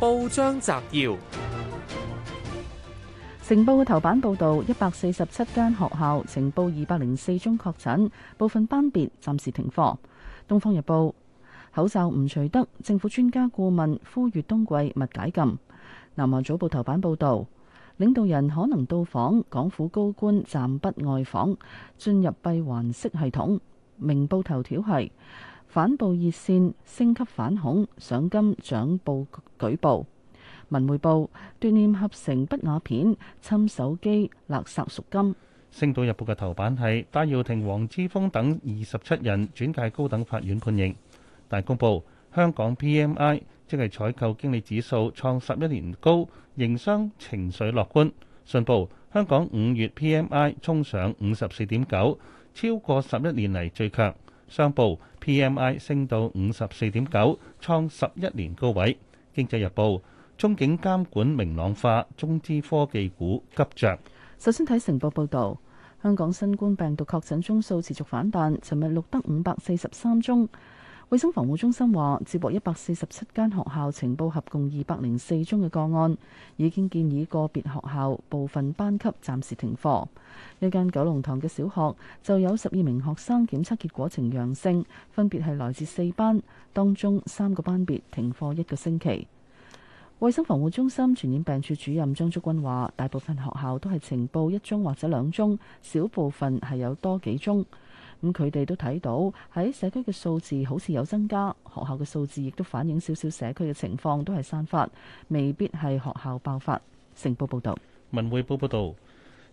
報章摘要：成報嘅頭版報道，一百四十七間學校呈報二百零四宗確診，部分班別暫時停課。東方日報：口罩唔除得，政府專家顧問呼籲冬季勿解禁。南華早報頭版報道：領導人可能到訪，港府高官暫不外訪，進入閉環式系統。明報頭條係。反暴熱線升級反恐賞金獎報舉報。文匯報鍵念合成不雅片侵手機勒索贖金。星島日報嘅頭版係戴耀廷、黃之鋒等二十七人轉介高等法院判刑。大公報香港 PMI 即係採購經理指數創十一年高，營商情緒樂觀。信報香港五月 PMI 衝上五十四點九，超過十一年嚟最強。商報 PMI 升到五十四點九，創十一年高位。經濟日報中景監管明朗化，中資科技股急漲。首先睇成報報導，香港新冠病毒確診宗數持續反彈，尋日錄得五百四十三宗。衛生防護中心話，接獲一百四十七間學校情報，合共二百零四宗嘅個案，已經建議個別學校部分班級暫時停課。一間九龍塘嘅小學就有十二名學生檢測結果呈陽性，分別係來自四班，當中三個班別停課一個星期。衛生防護中心傳染病處主任張竹君話，大部分學校都係情報一宗或者兩宗，小部分係有多幾宗。咁佢哋都睇到喺社區嘅數字好似有增加，學校嘅數字亦都反映少少社區嘅情況都係散發，未必係學校爆發。成報報導，文匯報報導，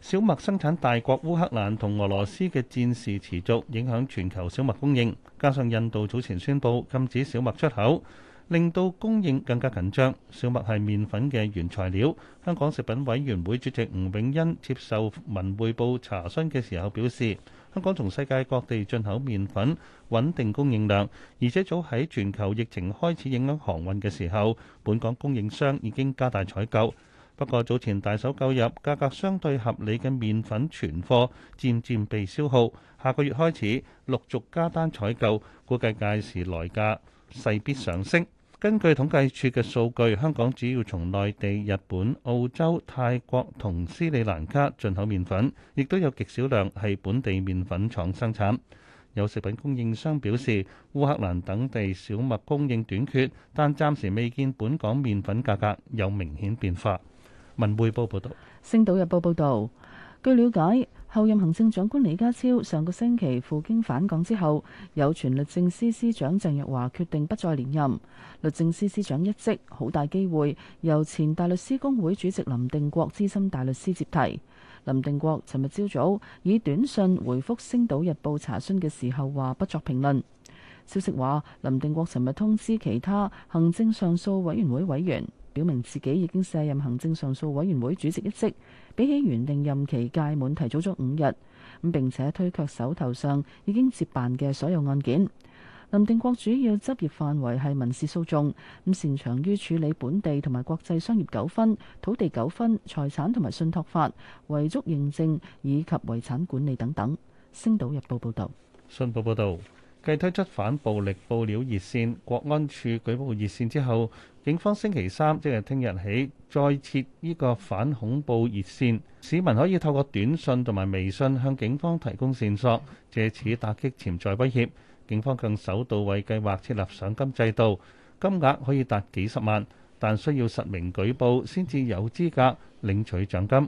小麥生產大國烏克蘭同俄羅斯嘅戰事持續影響全球小麥供應，加上印度早前宣布禁止小麥出口，令到供應更加緊張。小麥係麵粉嘅原材料。香港食品委員會主席吳永恩接受文匯報查詢嘅時候表示。香港從世界各地進口麵粉，穩定供應量，而且早喺全球疫情開始影響航運嘅時候，本港供應商已經加大採購。不過早前大手購入價格相對合理嘅麵粉存貨，漸漸被消耗，下個月開始陸續加單採購，估計屆時來價勢必上升。根據統計處嘅數據，香港主要從內地、日本、澳洲、泰國同斯里蘭卡進口麵粉，亦都有極少量係本地麵粉廠生產。有食品供應商表示，烏克蘭等地小麥供應短缺，但暫時未見本港麵粉價格有明顯變化。文匯報報道，《星島日報》報道，據了解。候任行政長官李家超上個星期赴京返港之後，有傳律政司司長鄭若驊決定不再連任律政司司長一職，好大機會由前大律師公會主席林定國資深大律師接替。林定國尋日朝早以短信回覆《星島日報》查詢嘅時候話不作評論。消息話林定國尋日通知其他行政上訴委員會委員。表明自己已經卸任行政上訴委員會主席一職，比起原定任期屆滿提早咗五日，咁並且推卻手頭上已經接辦嘅所有案件。林定國主要執業範圍係民事訴訟，咁擅長於處理本地同埋國際商業糾紛、土地糾紛、財產同埋信託法、遺囑認證以及遺產管理等等。星島日報報道。信報報導。繼推出反暴力報料熱線、國安處舉報熱線之後，警方星期三即係聽日起再設呢個反恐怖熱線，市民可以透過短信同埋微信向警方提供線索，借此打擊潛在威脅。警方更首度為計劃設立賞金制度，金額可以達幾十萬，但需要實名舉報先至有資格領取獎金。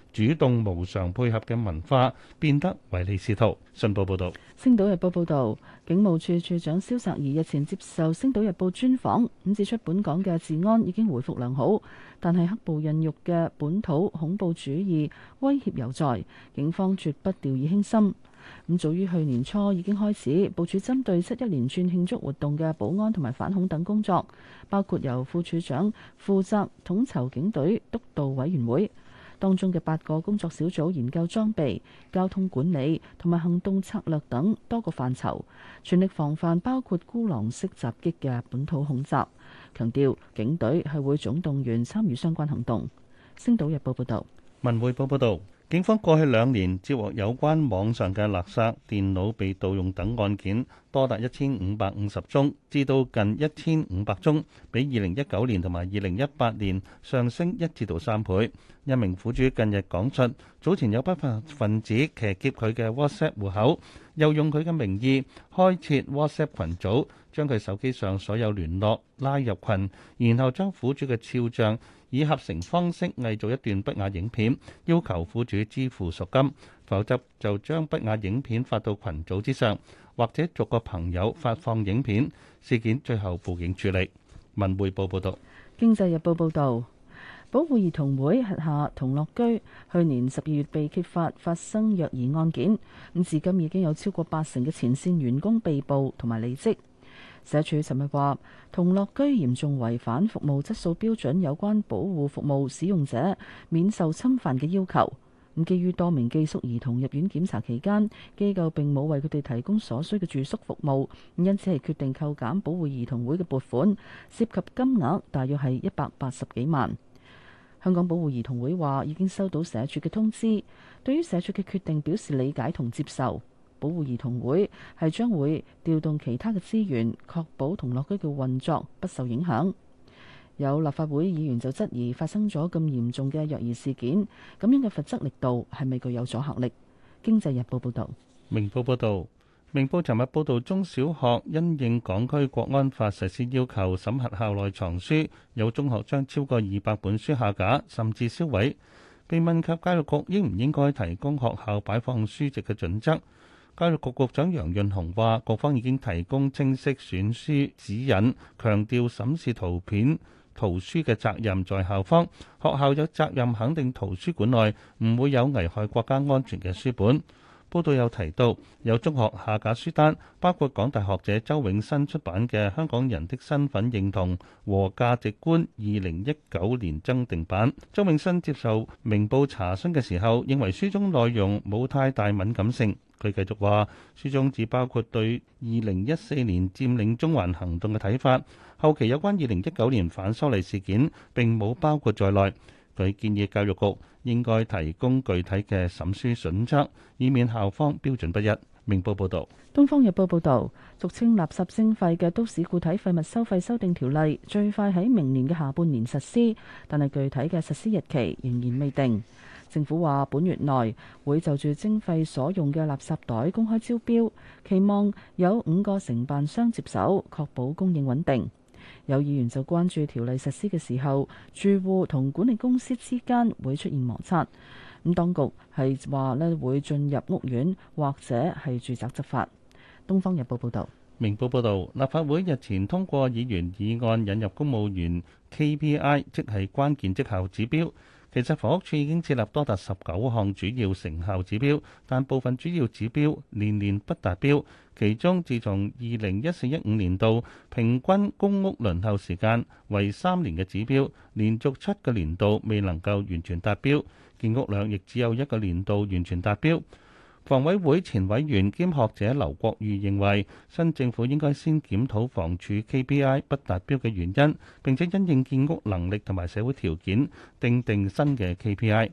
主動無償配合嘅文化變得唯利是圖。信報報道：《星島日報》報道，警務處處長蕭澤頤日前接受《星島日報專訪》專訪，咁指出，本港嘅治安已經恢復良好，但係黑暴孕育嘅本土恐怖主義威脅猶在，警方絕不掉以輕心。咁早於去年初已經開始部署，針對七一連串慶祝活動嘅保安同埋反恐等工作，包括由副處長負責統籌警隊督導委員會。當中嘅八個工作小組研究裝備、交通管理同埋行動策略等多個範疇，全力防範包括孤狼式襲擊嘅本土恐襲。強調警隊係會總動員參與相關行動。星島日報報道。文匯報報道。警方過去兩年接獲有關網上嘅垃圾電腦被盜用等案件多達一千五百五十宗，至到近一千五百宗，比二零一九年同埋二零一八年上升一至到三倍。一名苦主近日講出，早前有不法分子騎劫佢嘅 WhatsApp 戶口，又用佢嘅名義開設 WhatsApp 群組，將佢手機上所有聯絡拉入群，然後將苦主嘅肖像。以合成方式偽造一段不雅影片，要求苦主支付贖金，否則就將不雅影片發到群組之上，或者逐個朋友發放影片。事件最後報警處理。文匯報報道，經濟日報報道，保護兒童會轄下童樂居去年十二月被揭發發生虐兒案件，咁至今已經有超過八成嘅前線員工被捕同埋離職。社署尋日話，同樂居嚴重違反服務質素標準有關保護服務使用者免受侵犯嘅要求。咁基於多名寄宿兒童入院檢查期間，機構並冇為佢哋提供所需嘅住宿服務，因此係決定扣減保護兒童會嘅撥款，涉及金額大約係一百八十幾萬。香港保護兒童會話已經收到社署嘅通知，對於社署嘅決定表示理解同接受。保護兒童會係將會調動其他嘅資源，確保同樂居嘅運作不受影響。有立法會議員就質疑，發生咗咁嚴重嘅虐兒事件，咁樣嘅罰則力度係咪具有阻嚇力？經濟日報報道，明報報道，明報尋日報道，中小學因應港區國安法實施要求，審核校內藏書，有中學將超過二百本書下架，甚至銷毀。被問及教育局應唔應該提供學校擺放書籍嘅準則？教育局局長楊潤雄話，各方已經提供清晰選書指引，強調審視圖片圖書嘅責任在校方，學校有責任肯定圖書館內唔會有危害國家安全嘅書本。報道有提到有中學下架書單，包括港大學者周永新出版嘅《香港人的身份認同和價值觀》二零一九年增訂版。周永新接受明報查詢嘅時候，認為書中內容冇太大敏感性。佢繼續話：書中只包括對二零一四年佔領中環行動嘅睇法，後期有關二零一九年反修例事件並冇包括在內。佢建議教育局，應該提供具體嘅審書準則，以免校方標準不一。明報報導，《東方日報》報導，俗稱垃圾徵費嘅《都市固體廢物收費修訂條例》最快喺明年嘅下半年實施，但係具體嘅實施日期仍然未定。政府話，本月內會就住徵費所用嘅垃圾袋公開招標，期望有五個承辦商接手，確保供應穩定。有議員就關注條例實施嘅時候，住戶同管理公司之間會出現摩擦。咁當局係話咧會進入屋苑或者係住宅執法。《東方日報》報道，《明報》報道，立法會日前通過議員議案引入公務員 KPI，即係關鍵績效指標。其實房屋處已經設立多達十九項主要成效指標，但部分主要指標年年不達標。其中，自從二零一四、一五年度平均公屋輪候時間為三年嘅指標，連續七個年度未能夠完全達標；建屋量亦只有一個年度完全達標。房委會前委員兼學者劉國裕認為，新政府應該先檢討房署 KPI 不達標嘅原因，並且因應建屋能力同埋社會條件訂定，定新嘅 KPI。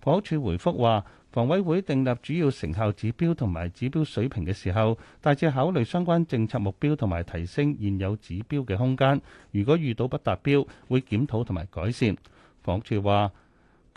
房署回覆話，房委會訂立主要成效指標同埋指標水平嘅時候，大致考慮相關政策目標同埋提升現有指標嘅空間。如果遇到不達標，會檢討同埋改善。房署話。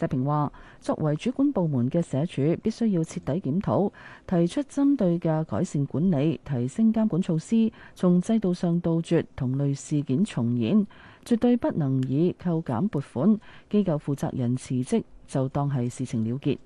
社評話：作為主管部門嘅社署，必須要徹底檢討，提出針對嘅改善管理、提升監管措施，從制度上杜絕同類事件重演。絕對不能以扣減撥款、機構負責人辭職就當係事情了結。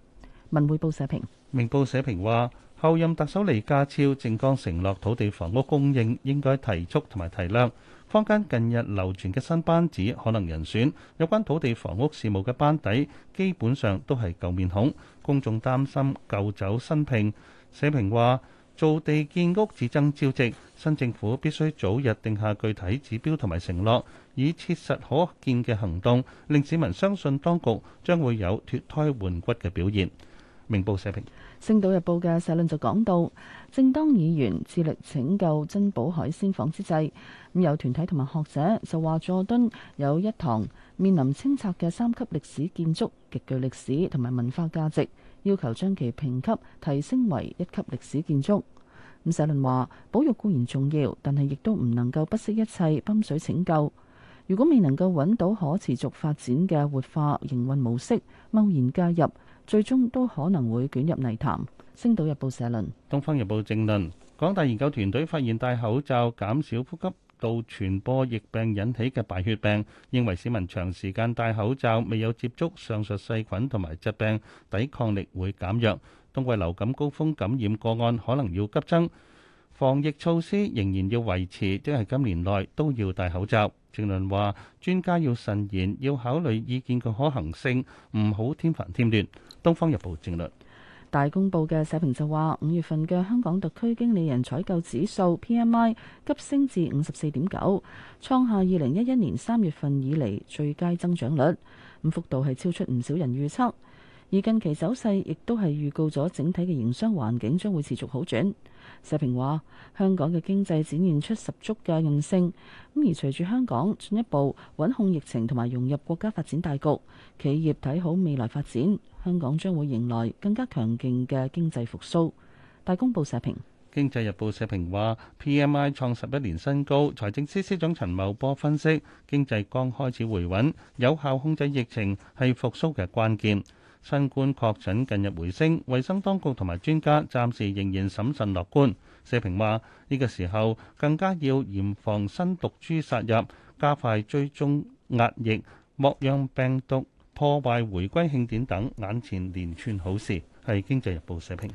文匯報社評。明報社評話，後任特首李家超政綱承諾土地房屋供應應該提速同埋提量。坊間近日流傳嘅新班子可能人選，有關土地房屋事務嘅班底基本上都係舊面孔。公眾擔心舊酒新瓶，社評話造地建屋只爭朝夕，新政府必須早日定下具體指標同埋承諾，以切實可見嘅行動令市民相信當局將會有脱胎換骨嘅表現。明報社評。《星島日報》嘅社論就講到，正當議員致力拯救珍寶海鮮舫之際，咁有團體同埋學者就話，佐敦有一堂面臨清拆嘅三級歷史建築，極具歷史同埋文化價值，要求將其評級提升為一級歷史建築。咁社論話，保育固然重要，但係亦都唔能夠不惜一切泵水拯救。如果未能夠揾到可持續發展嘅活化營運模式，貿然介入，最終都可能會捲入泥潭。《星島日報》社論，《東方日報》正論。港大研究團隊發現戴口罩減少呼吸道傳播疫病引起嘅敗血病，認為市民長時間戴口罩未有接觸上述細菌同埋疾病，抵抗力會減弱，冬季流感高峯感染個案可能要急增，防疫措施仍然要維持，即係今年內都要戴口罩。正論話專家要慎言，要考慮意見嘅可行性，唔好添煩添亂。《東方日報》政論大公報嘅社評就話：五月份嘅香港特區經理人採購指數 P M I 急升至五十四點九，創下二零一一年三月份以嚟最佳增長率，咁幅度係超出唔少人預測。而近期走勢亦都係預告咗整體嘅營商環境將會持續好轉。社評話：香港嘅經濟展現出十足嘅韌性，咁而隨住香港進一步穩控疫情同埋融入國家發展大局，企業睇好未來發展。香港將會迎來更加強勁嘅經濟復甦。大公報社評，《經濟日報》社評話，PMI 創十一年新高。財政司司長陳茂波分析，經濟剛開始回穩，有效控制疫情係復甦嘅關鍵。新冠確診近日回升，衞生當局同埋專家暫時仍然審慎樂觀。社評話，呢個時候更加要嚴防新毒株殺入，加快追蹤壓抑，莫讓病毒破壞、回歸慶典等眼前連串好事，係《經濟日報》社評。